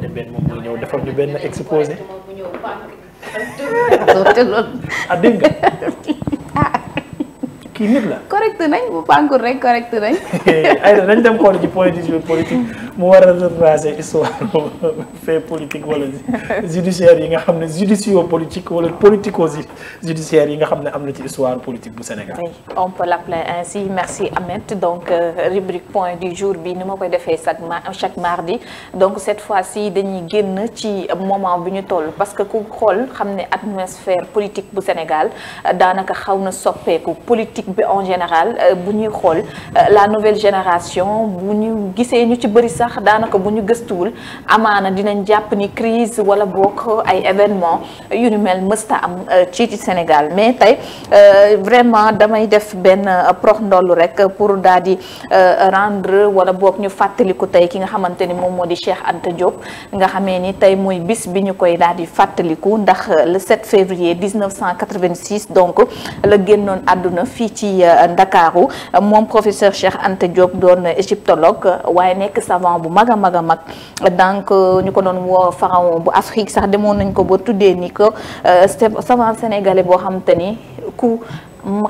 Aïda Mbène moom mooy ñëw defal ñu benn exposé. ah dégg nga. kii nit la. correct nañ bu pànkul rek correct nañ. Aïda nañ dem xool ci politique politique. mu war a retracer histoire fait politique wala judiciaire yi nga xam ne judicio politique wala politico judiciaire yi nga xam ne am na ci histoire politique bu Sénégal. on peut l'appeler euh, point du jour bi ni ma koy defee chaque ma chaque mardi donc cette fois si dañuy génn ci moment bi ñu toll parce que ku xool xam ne atmosphère politique bu Sénégal euh, daanaka xaw na soppeeku politique bi en général euh, bu ñuy xool la nouvelle génération bu ñu gisee ñu ci bëri sax. sax daanaka bu ñu gëstuwul amaana dinañ jàpp ni crise wala bokk ay événement yu ni mel mësta am euh, ci ci Sénégal mais tey euh, vraiment damay def benn euh, prox ndollu rek pour daal di rendre wala book ñu fàttaliku tey ki nga xamante ni moom moo di Cheikh Anta Diop nga xamee ni tey mooy bis bi ñu koy daal di fàttaliku ndax le 7 février 1986 donc la génnoon àdduna fii ci Ndakaaru moom professeur Cheikh Anta Diop doon égyptologue waaye nekk mouvement bu mag a mag a mag donc ñu ko doon woo pharaon bu Afrique sax demoo nañ ko ba tuddee ni que euh, savant sénégalais boo xam te ni ku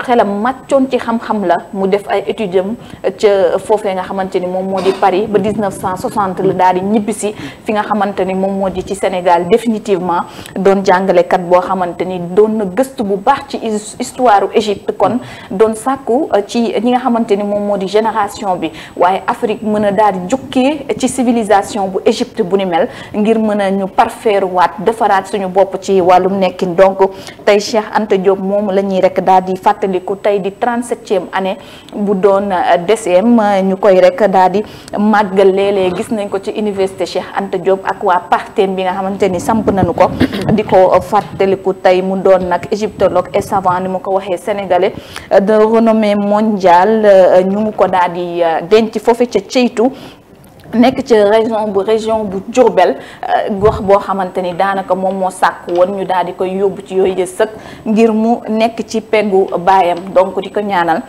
xelam màccoon ci xam-xam la mu def ay études am ca foofee nga xamante ni moom moo di Paris ba 1960 la daal di ñibbisi fi nga xamante ni moom moo di ci Sénégal définitivement doon jàngalekat boo xamante ni doon na gëstu bu baax ci histoire Égypte kon doon sàkku uh, ci ñi nga xamante ni moom moo di génération bi waaye Afrique mën a daal di jukkee ci civilisation bu Égypte bu ni mel ngir mën a ñu parfaire waat defaraat suñu bopp ci wàllum nekkin donc tey Cheikh Anta Diop moom fàttaliku tey di 37e année bu doon euh, DCM euh, ñu koy rek daal di màggal léeg gis nañ ko ci université Cheikh ante Diop ak waa Partène bi nga xamante ni samp nañu ko di ko euh, fàttaliku tey mu doon nag égyptologue et savant ni mu ko waxee sénégalais de renommée mondiale ñu ngi ko daal di denc foofu ca ceytu nekk ca région bu région bu Diourbel euh, gox boo xamante ni daanaka moom moo sàkk woon ñu daal di koy yóbbu ci yooyu sëkk ngir mu nekk ci peggu baayam donc di ko ñaanal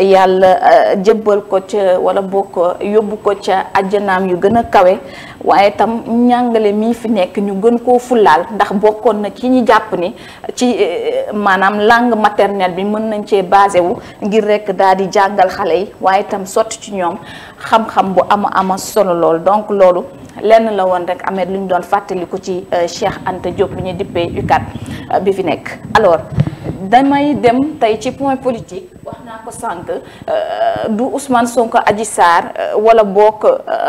yàlla euh, jébbal ko ca wala boo yóbbu ko ca ajjanaam yu gën a kawe waaye tam njàngale mii fi nekk ñu gën koo fulaal ndax bokkoon na ci ñi jàpp ni ci euh, maanaam langue maternelle bi mën nañ cee basé wu ngir rekk daal di jàngal xale yi waaye tam sotti ci ñoom xam-xam bu ama ama solo loolu donc loolu lenn la woon rek Ameth lu ñu doon fàttaliku ci euh, Cheikh ante Diop bi ñu dippee UCAD euh, bi fi nekk alors damay dem tey ci point politique wax naa ko sànq euh, du Ousmane Sonko Adji Sarr wala bokk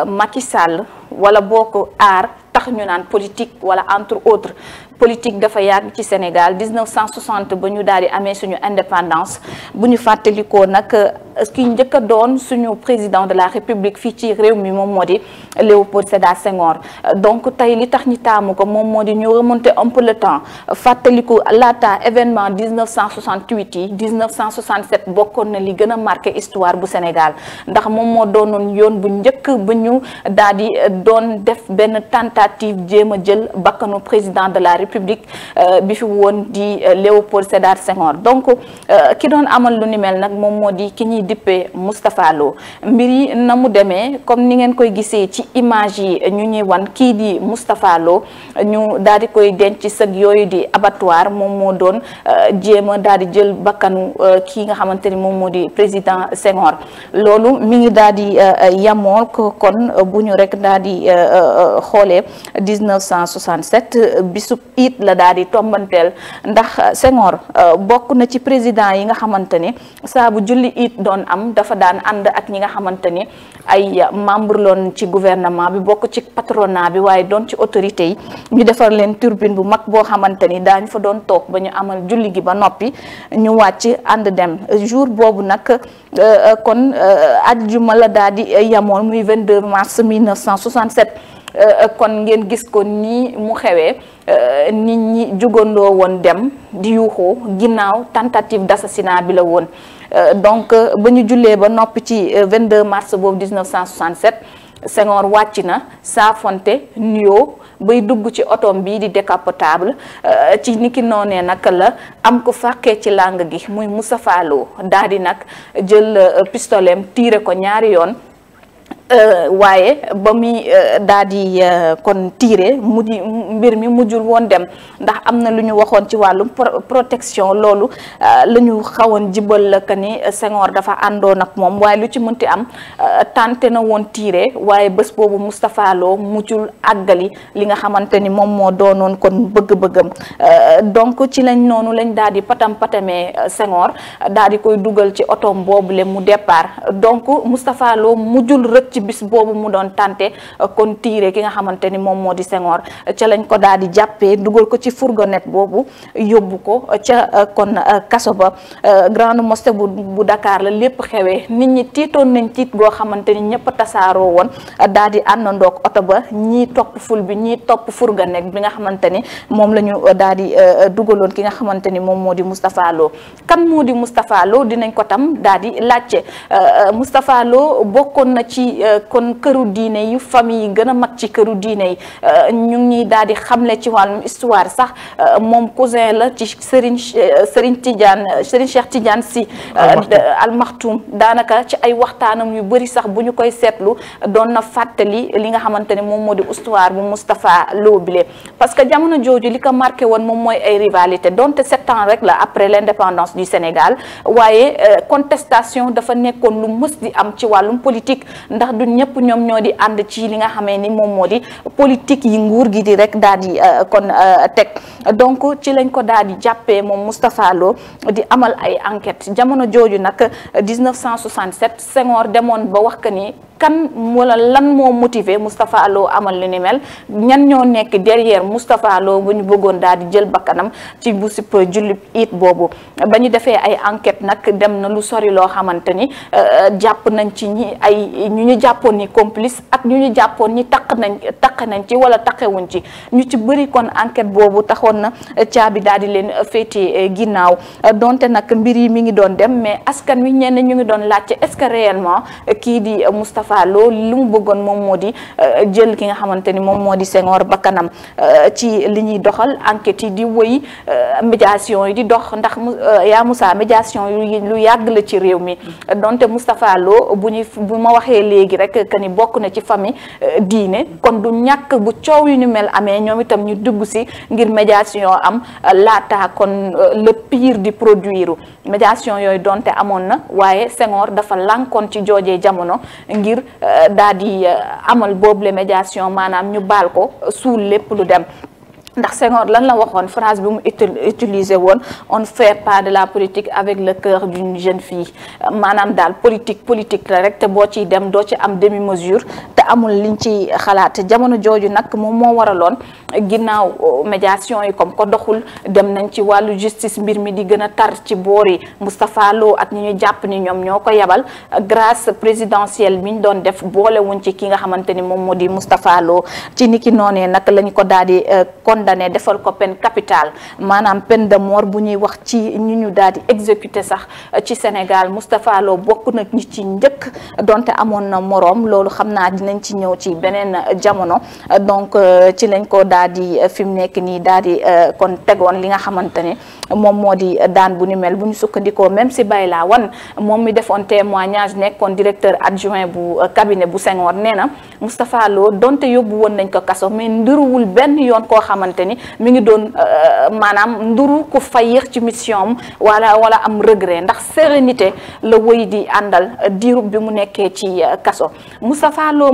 Macky Sall wala ko aar tax ñu naan politique wala entre autres politique dafa yàgg ci Sénégal 1960 ba ñu daal di amee suñu indépendance bu ñu fàttalikoo nag euh, ki njëkk a doon suñu président de la République fii ci réew mi moom moo di Léopold Sédar Senghor donc tey li tax ñi taamu ko moom moo di ñu remonter un le temps fàttaliku laata événement 1968 yi 1967 bokkoon na li gën a marqué histoire bu Sénégal ndax moom moo doonoon yoon bu njëkk ba ñu daal di euh, doon def benn tànta tentative jéem a jël bakkanu président de la république euh, bi fi woon di euh, Léopold Sédar Senghor donc euh, ki doon amal lu ni mel nag moom moo di ki ñuy dippee Moustapha mbir yi na mu demee comme ni ngeen koy gisee ci image yi ñu ñuy wan kii di Moustapha Lo ñu daal di koy denc sëg yooyu di abattoir moom moo doon jéem a daal di jël bakkanu kii nga xamante ni moom moo di président Senghor loolu mi ngi daal di kon bu ñu rek daal xoolee 1967 euh, bisub it la daal di tombanteel ndax euh, Senghor euh, bokk na ci président yi nga xamante ni saa bu julli it doon am dafa daan ànd ak ñi nga xamante ni ay membre loon ci gouvernement bi bokk ci patronat bi waaye doon ci autorité yi ñu defar leen turbine bu mag boo xamante ni daañu fa doon toog ba ñu amal julli gi ba noppi ñu wàcc ànd dem jour boobu nag kon ajjuma la daal di yamoon muy 22 mars 1967 Euh, euh, kon ngeen gis ko nii mu xewee euh, nit ñi jugandoo woon dem di yuuxoo ginnaaw tentative d'assassinat bi la woon donc ba ñu jullee ba noppi ci 22 mars boobu 1967 Senghor wàcc na saafonte nuyoo bay dugg ci otom bii di décapotable ci niki noonee nag la am ko fàqee ci làng gi muy Moustapha Lo daal di nag jël pistolem tiire ko ñaari yoon Euh, waaye ba muy euh, daal di euh, kon tiire mujj mbir mi mujjul woon dem ndax am na lu ñu waxoon ci wàllum protection loolu la ñu xawoon jibal la que ni Senghor dafa àndoon ak moom waaye lu ci mënti am tànte na woon tiire waaye bés boobu Moustapha Lo mujjul àggali li nga xamante ni moom moo doonoon kon bëgg-bëggam donc ci lañ noonu lañ daal di patam patamee Senghor daal di koy dugal ci otoom boobule mu départ donc Moustapha mujjul rëcc ci bis boobu mu doon tante euh, kon tiire ki nga xamante ni moom moo di Senghor euh, ca lañ ko daal di jàppee dugal ko ci fourgonnette boobu yóbbu ko euh, ca kon kaso ba grande mosquée bu bu Dakar la lépp xewee nit ñi tiitoon nañ tiit boo xamante ni ñëpp tasaaroo woon daal di àndandoog oto ba ñii topp ful bi ñii topp fourgonnette bi nga xamante ni moom la ñu daal di dugaloon ki nga xamante ni moom moo di Moustapha Lo kan moo di Moustapha dinañ ko tam daal di laajte bokkoon na Euh, kon këru diine yi famille yi gën a mag ci këru diine yi euh, ñu ngi daal di xamle ci wàllum histoire sax euh, moom cousin la ci Serigne Serigne tijaan Serigne Cheikh Tidiane si almaxtum daanaka ci ay waxtaanam yu bëri sax bu ñu koy seetlu doon na fàttali li nga xamante ne moom moo di histoire bu Moustapha Lo bile que jamono jooju li ko marqué woon moom mooy ay rivalité donte sept ans rek la après l'indépendance du Sénégal waaye contestation dafa nekkoon lu mës di am ci wàllum politique ndax du ñëpp ñoom ñoo di ànd ci li nga xamee ni moom moo di politique yi nguur gi di rek daal di euh, kon euh, teg donc ci lañ ko daal di jàppee moom Moustapha Lo di amal ay enquête jamono jooju nag 1967 euh, Senghor demoon ba wax que ni kan wala lan moo motivé Moustapha Lo amal lu ni mel ñan ñoo nekk derrière Moustapha Lo bu ñu bëggoon daal di jël bakkanam ci bu sip julli it boobu ba ñu defee ay enquête nag dem na lu sori loo xamante ni euh, euh, jàpp nañ ci ñi ay ñu ñu jàppoon ni complice ak ñu ñu jàppoon ñi taq nañ taq nañ ci wala taqewuñ ci ñu ci bëri kon enquête boobu taxoon na euh, caabi daal di leen féete ginnaaw donte nag mbir yi mi ngi doon dem mais askan wi ñenn ñu ngi doon laajte est-ce que réellement Moustapha Lo lu mu bëggoon moom moo di euh, jël ki nga xamante ni moom moo di Senghor bakkanam euh, ci li ñuy doxal enquête yi di wëy euh, médiation yi di dox ndax yaa Moussa médiation yu lu yàgg la ci réew mi donte Moustapha Lo bu ñu bu ma waxee léegi rek que ni bokk na ci famille diine kon du ñàkk bu coow yu ñu mel amee ñoom itam ñu dugg si ngir médiation am laata kon le pire di produire médiation yooyu donte amoon na waaye Senghor dafa lànkoon ci joojee jamono ngir ngir euh, daal di euh, amal boobule médiation maanaam ñu baal ko suul lépp lu dem ndax Senghor lan la waxoon phrase bi mu utilisé woon on fait pas de la politique avec le cœur d'une jeune fii euh, maanaam daal politique politique la rek te boo ciy dem doo ci am demi mesure te amul liñ ci xalaat jamono jooju nag moom moo waraloon ginnaaw euh, médiation yi comme ko doxul dem nañ ci wàllu justice mbir mi di gën a tar ci boori Moustapha Lo ak ñi ñu jàpp ni ñoom ñoo ko yebal grâce présidentielle bi ñu doon def boolewuñ ci ki nga xamante ni moom moo di Moustapha Lo ci niki noonee nak lañu ko daal di euh, condamné defal ko peine capitale maanaam peine de mort bu ñuy wax ci ñu ñu daal di exécuté sax euh, ci Sénégal Moustapha Lo bokk nag ñi ci njëkk donte dinañ ci ñëw ci beneen euh, jamono euh, donc euh, ci lañ ko daal di fi mu nekk nii daal di kon tegoon li nga xamante ne moom moo di daan bu ni mel bu ñu sukkandikoo même si bay laa wan moom mi defoon témoignage nekkoon directeur adjoint bu cabinet bu Senghor nee na Moustapha donte yóbbu woon nañ ko kaso mais nduruwul benn yoon koo xamante ni mi ngi doon maanaam nduru ku fayir ci mission am wala wala am regret ndax sérénité la di àndal diirub bi mu nekkee ci kaso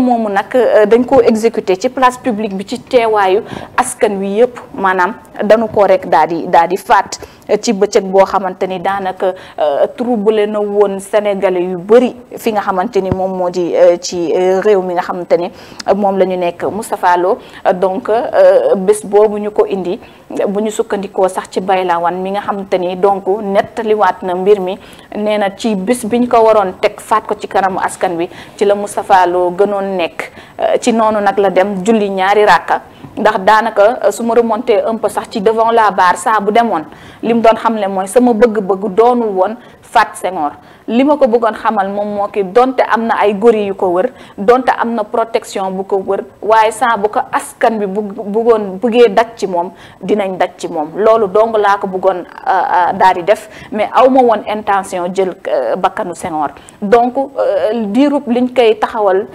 moomu nag euh, dañ koo exécuté ci place publique bi ci teewaayu askan wi yëpp maanaam dañu ko rek daal di daal di faat ci bëccëg boo xamante ni daanaka euh, trouble na woon sénégalais yu bëri fi nga xamante ni moom moo di euh, ci euh, réew mi nga xamante ni moom la ñu nekk Moustapha Lo donc bés boobu ñu ko indi bu ñu sukkandikoo sax ci baylawan mi nga xamante ni donc nettaliwaat na mbir mi nee na ci bés bi ñu ko waroon teg faat ko ci kanamu askan wi ci la mustafaaloo gënoon nekk ci noonu nag la dem julli ñaari ràkka ndax daanaka euh, su ma remonté un peu sax ci devant la barre saa bu demoon li mu doon xam ne mooy sama bëgg-bëgg doonul woon Fat Senghor li ma ko bëggoon xamal moom moo ki donte am na ay gori yu ko wër donte am na protection bu ko wër waaye saa bu ko askan bi bu bëggoon bëggee daj ci moom dinañ daj ci moom loolu dong laa ko bëggoon euh, euh, daal di def mais awma woon intention jël euh, bakkanu Senghor donc diirub liñ koy taxawal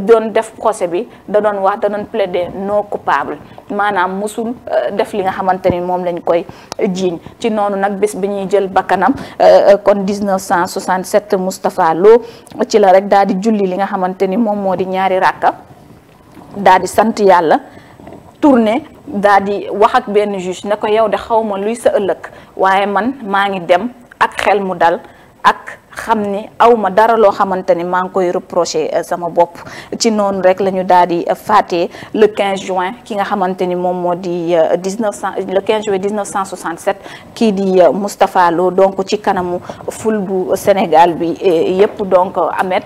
doon def procès bi da doon wax da doon plaider non coupable maanaam mosul def li nga xamante ni moom lañ koy jiiñ ci noonu nag bis bi ñuy jël bakkanam kon kon 1967 Moustapha Lo ci la rek daal di julli li nga xamante ni moom moo di ñaari ràkka daal di sant yàlla tourné daal di wax ak benn juge ne ko yow de xaw ma luy sa ëllëg waaye man maa ngi dem ak xel mu dal ak xam ni aw dara loo xamante ni maa ngi koy reproché euh, sama bopp ci noonu rek la ñu daal di euh, faate le 15 juin ki nga xamante ni moom moo di 19 euh, le 15 juin 1967 kii di Moustapha Lo donc ci kanamu ful bu Sénégal bi yëpp donc Ahmed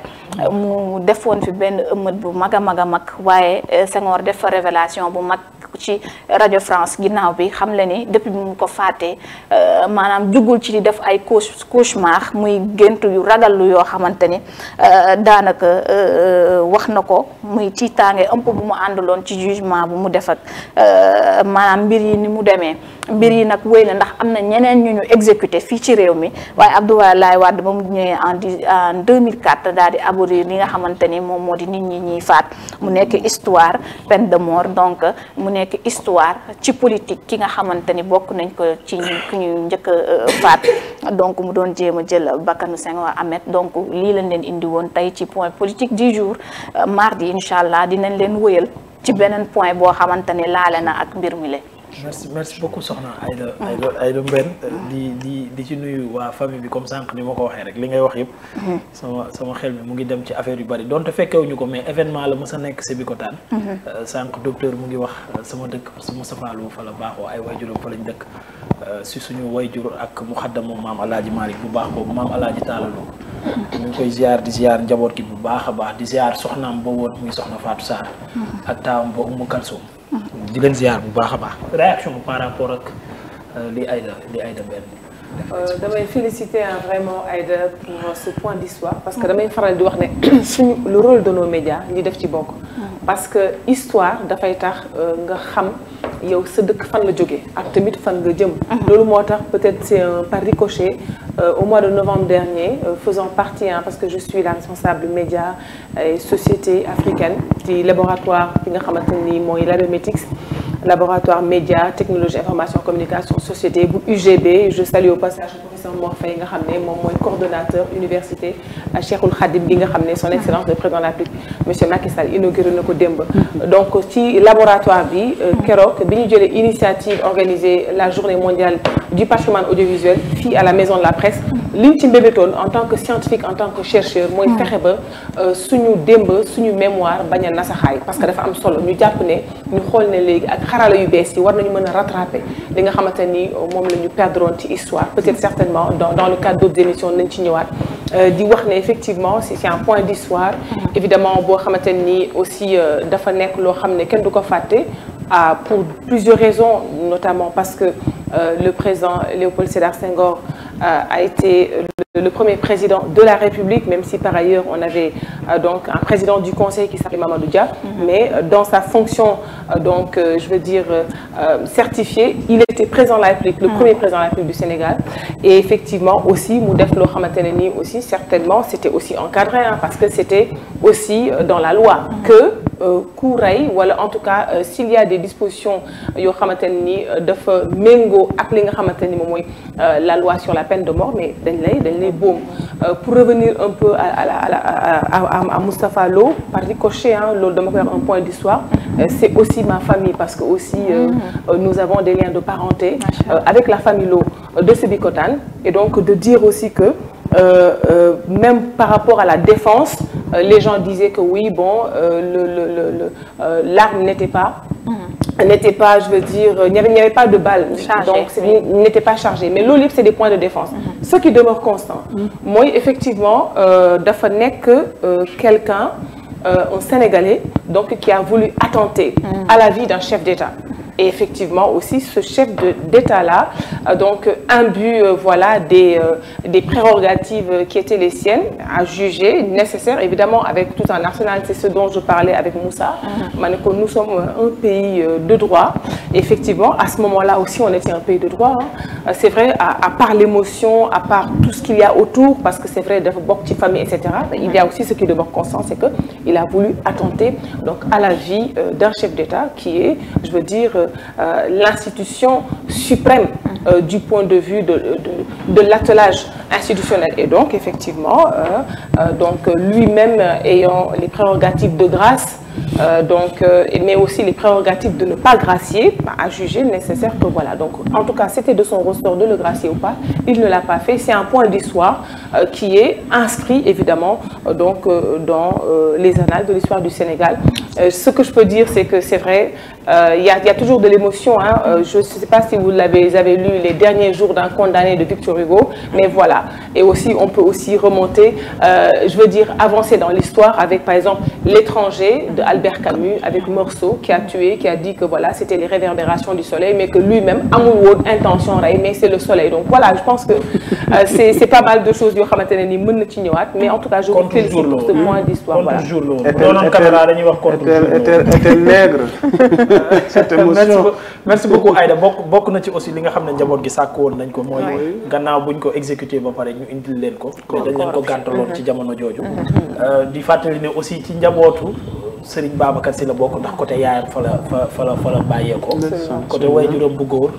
mu defoon fi benn ëmmët bu mag a mag a mag waaye Senghor def fa révélation bu mag. sàkku ci rajo France ginnaaw bi xam le ni depuis bi mu ko faatee euh, maanaam jugul ci di def ay couche cauchemar muy gént yu ragallu yoo xamante ni euh, daanaka euh, wax na ko muy tiitaange ëmp bu mu àndaloon ci jugement bu mu def ak maanaam mbir yi ni mu demee mbir yi nag wéy na ndax am na ñeneen ñu ñu exécuté fii ci réew mi waaye Abdoulaye Wade ba mu ñëwee en en 2004 daal di abolir li nga xamante ni moom moo di nit ñi ñuy faat mu nekk histoire peine de nekk histoire ci politique ki nga xamante ni bokk nañ ko ci ki ñu njëkk a euh, faat donc mu doon jéem a jël bakkanu Senghor Ahmed donc lii lañ leen indi woon tey ci point politique du jour euh, mardi incha allah dinañ leen woyal ci beneen point boo xamante ni laale na ak mbir mi le merci merci beaucoup soxna Aïda Aïda Aïda Mbène di di di ci nuyu waa famille bi comme sànq ni ma ko waxee rek li ngay wax yëpp mm-hmm. sama sama xel mi mu ngi dem ci affaire yu bari donte fekkewuñu ko mais événement la mës a nekk Sébikotane mm-hmm. euh, sànq docteur mu ngi wax euh, sama dëkk parce que Moussa Fallou fa la baaxoo ay waajuram fa lañ dëkk euh, si suñu wayjur ak mu xaddamam maam alaaji Malick bu baax boobu maam ji taalaloo mm-hmm. ñu ngi koy ziar di ziar njaboot gi bu baax a baax di ziar soxnaam ba woon muy soxna Fatou Sarr ak taawam ba Oumou Kalsoum di leen ziar bu baax a baax. réaction par rapport ak euh, li Aïda li Aïda benn. Euh, damay féliciter vraiment Aïda pour euh, ce point d'histoire parce que mm. damay faral di wax ne suñu le rôle de nos médias li def ci bokk. Mm. parce que histoire dafay tax nga xam yow sa dëkk fan la jóge ak tamit fan nga jëm. Mm. loolu moo tax peut-être c'est un par ricochet Euh, au mois de novembre dernier euh, faisant partie parce que je suis la responsable média société africaine di laboratoire bi nga xamante ni mooy Labemetics laboratoire média technologie information communication société bu UGB je salue au passage professeur Mor Faye nga xam ne moom mooy coordonnateur université Cheikhul Khadim bi nga xam ne son excellence le président de la République monsieur Macky Sall inauguré na ko démb donc ci laboratoire bi euh, keroog bi ñu jëlee initiative organiser la journée mondiale du patrimoine audiovisuel fii à la maison de la presse liñ ci mbébétoon en tant que scientifique en tant que chercheur mooy fexe ba euh, suñu démb suñu mémoire bañ a nasaxaay parce que dafa am solo ñu jàpp ne ñu xool ne léegi ak xarala yu bees yi war nañu mën a rattraper li nga xamante ni euh, moom la ñu perdroon ci histoire peut-être certainement dans dans le cadre d'autres émissions nañ ci ñëwaat euh, di wax ne effectivement c'est un point d'histoire évidemment boo xamante aussi dafa loo xam ne kenn du ko fàtte ah, pour plusieurs raisons, notamment parce que euh, le président Léopold Sédar Senghor euh, a été le premier président de la République, même si par ailleurs on avait euh, donc un président du Conseil qui s'appelait Mamadou Dia, mhm. mais euh, dans sa fonction, euh, donc euh, je veux dire certifiée, il était président la République, le mm -hmm. premier président de la République du Sénégal. Et effectivement aussi, mu def loo xamante ne nii aussi certainement c'était aussi encadré hein, parce que c'était aussi dans la loi mm -hmm. que ku rey wala en tout cas s'il y a des dispositions yoo xamante ne nii dafa méngoo ak li nga xamante ni moom mooy la la peine de mort mais elle est baume. Euh, pour revenir un peu à à à à à Moustapha Lo par ricochet hein loolu dama koy wax un point d'histoire euh, c'est aussi ma famille parce que aussi euh, mm-hmm. Euh, nous avons des liens de parenté euh, avec la famille Lo euh, de Sébikotane et donc de dire aussi que même par rapport à la défense les gens disaient que oui bon le le le le l'arme n'était pas mm-hmm. n'était pas je veux dire il n'y avait, il n'y avait pas de balle donc n'était pas chargée mais loolu yëpp c'est des points de défense mm-hmm. ce qui demeure constant mooy effectivement euh, dafa nekk euh, quelqu'un euh, un Sénégalais donc qui a voulu attenter mm. à la vie d'un chef d'État Et effectivement aussi ce chef d'État-là, euh, donc imbu euh, euh, voilà, des, des prérogatives qui étaient les siennes, à juger nécessaire, évidemment avec tout un arsenal, c'est ce dont je parlais avec Moussa, ah. Maneko, mm -hmm. nous sommes un pays de droit. Effectivement, à ce moment-là aussi, on était un pays de droit. C'est vrai, à, part l'émotion, à part tout ce qu'il y a autour, parce que c'est vrai, de Bokti famille, etc., il y a aussi ce qui a voulu attenter donc, à la vie d'un chef d'État qui est, je veux dire, Euh, l'institution suprême euh, du point de vue de de, de l'attelage institutionnel et donc effectivement euh, donc lui-même ayant les prérogatives de grâce euh, donc euh, mais aussi les prérogatives de ne pas gracier a jugé nécessaire que voilà donc en tout cas c'était de son ressort de le gracier ou pas il ne l'a pas fait c'est un point d'histoire euh, qui est inscrit évidemment donc dans les annales de l'histoire du Sénégal Euh, ce que je peux dire, c'est vrai, euh, il a toujours de l'émotion. Hein. Euh, je ne sais pas si vous avez lu les derniers jours d'un condamné de Victor Hugo, mais voilà. Et aussi, on peut aussi remonter, euh, je veux dire, avancer dans l'histoire avec, par exemple, L'étranger de Camus, avec Morceau, qui a tué, qui a dit que voilà, les réverbérations du soleil, mais que lui-même, amul woon intention mais que euh, c'est tout cas, je vous félicite pour ce point d'histoire. Voilà. était était maigre. merci merci beaucoup Aïda bokk bokk na ci aussi li nga xam ne njaboot gi sàkk woon nañ ko mooy. gannaaw buñ ko exécuté ba pare ñu indil leen ko. dañ leen ko gàntaloon ci mhm. jamono jooju. Mhm. Euh, di fàttali ne aussi ci njabootu. Serigne Babacar si la bokk ndax côté yaayam fa la fa fa la fa la bàyyeekoo. côté waajuram bu góor.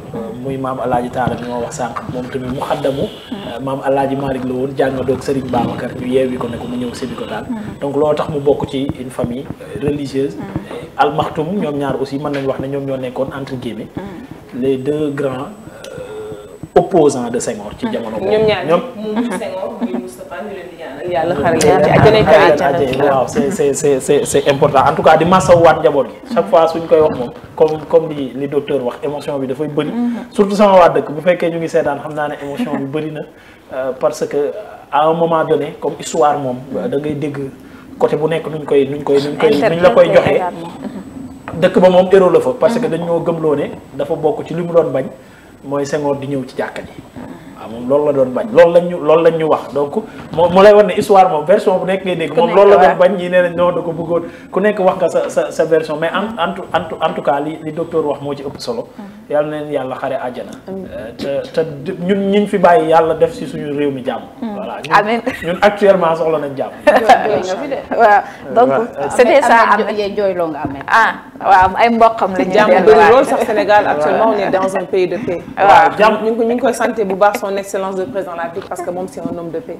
muy maam El Hadj Taala bi ma wax sànq moom tamit mu xaddamu. Hmm. maam El Hadj Malick la woon jàngadoog Serigne Babacar ñu yeewi ko ne ko mu ñëw Sébikotane. Hmm. donc loolu tax mu bokk ci une famille euh, religieuse. Hmm. almaxtum ñoom ñaar aussi mën nañu wax ne ñoom ñoo nekkoon entre guillemets les deux grands. opposant de Senghor ci jamono boobu ñoom ñaar ñoom yàlla xaral ci waaw c'est c'est c'est c'est c'est important en tout cas di masawaat njaboot gi chaque fois suñ koy wax moom comme comme li li docteur wax émotion bi dafay bëri mm-hmm. surtout sama waa dëkk bu fekkee ñu ngi seetaan xam naa ne émotion bi bëri na euh, parce que à un moment donné comme histoire moom da ngay dégg côté bu nekk nuñ koy nuñ koy nuñ koy nuñ la koy joxee dëkk ba moom héros la fa parce que mm-hmm. dañ ñoo gëmloo ne dafa bokk ci li mu doon bañ mooy Senghor di ñëw ci jàkka ji waaw ah, moom loolu la doon bañ loolu lañ ñu loolu lañ ñu wax donc moom mu lay wan ne histoire moom version bu nekk ngay dégg moom loolu la doon bañ ñi nee nañ non da ko bëggoon ku nekk wax nga sa sa sa version mais en en en tout cas li li docteur wax moo ci ëpp solo mm-hmm. yàlla na leen yàlla xare àjjana euh, te te ñun ñiñ fi bàyyi yàlla def si suñu réew mi jàmm mm. voilà ñun actuellement soxla nañ jàmm waaw donc euh, c'était ça Ameth jooyloo nga Ameth ah waaw ay mboqam la ñu jàmm bëri lool sax Sénégal actuellement on est dans un pays de paix waaw jàmm ñu ngi koy santé bu baax son excellence de président de la République parce moom c'est un homme de paix.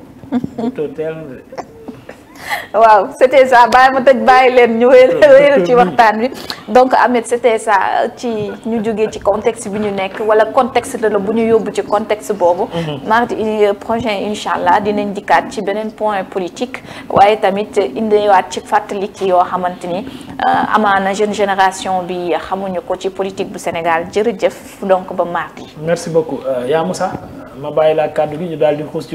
waaw c'était ça bàyyi ma tëj bàyyi leen ñu wéyal ci waxtaan wi donc Ameth c'était ça ci ñu jógee ci contexte bi ñu nekk wala contexte la bu ñu yóbbu ci contexte boobu. Mhm. mardi euh, prochain incha allah dinañ dikkaat ci beneen point politique waaye tamit indiwaat ci fàttali ki yoo xamante ni euh, na jeune génération bi xamuñu ko ci politique bu Sénégal jërëjëf donc ba mardi. merci beaucoup euh, Yaa ma bàyyi la kàddu gi ñu daal di xuus ci